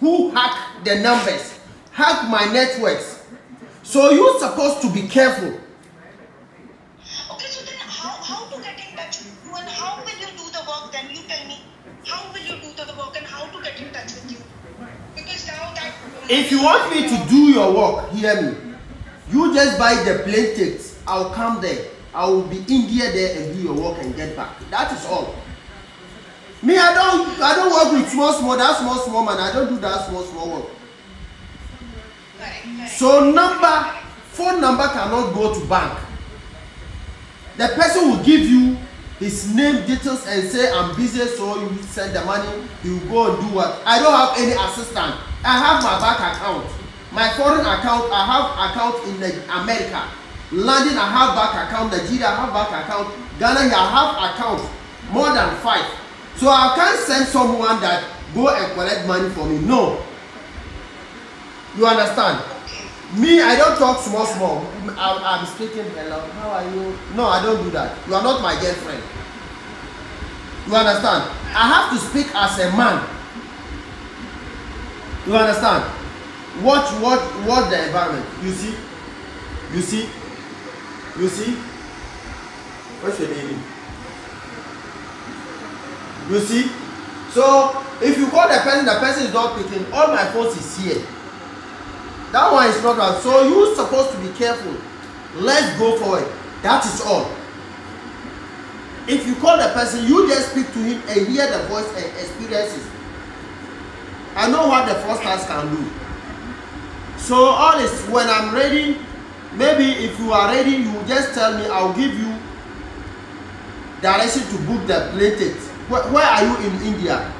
who hack the numbers, hack my networks. So you're supposed to be careful. Okay, so then how, how to get in touch with you and how will you do the work then? You tell me. How will you do the work and how to get in touch with you? Because now that... If you want me to do your work, hear me. You just buy the plane tickets. I'll come there. I will be in there there and do your work and get back. That is all. Me, I don't work with small small that small small man i don do that small small work so number phone number cannot go to bank the person will give you his name details and say i'm busy so you send the money you go and do what i don't have any assistant i have my bank account my foreign account i have account in america london i have bank account nigeria i have bank account ghana i have account more than five So I can't send someone that go and collect money for me. No. You understand? Me, I don't talk small, small. I, I'm speaking hello. How are you? No, I don't do that. You are not my girlfriend. You understand? I have to speak as a man. You understand? Watch, watch, watch the environment. You see? You see? You see? What's your name? You see? So, if you call the person, the person is not picking. All my phones is here. That one is not right. So, you're supposed to be careful. Let's go for it. That is all. If you call the person, you just speak to him and hear the voice and experiences. I know what the first task can do. So all is when I'm ready, maybe if you are ready, you just tell me, I'll give you direction to book the plate. Where, where are you in India?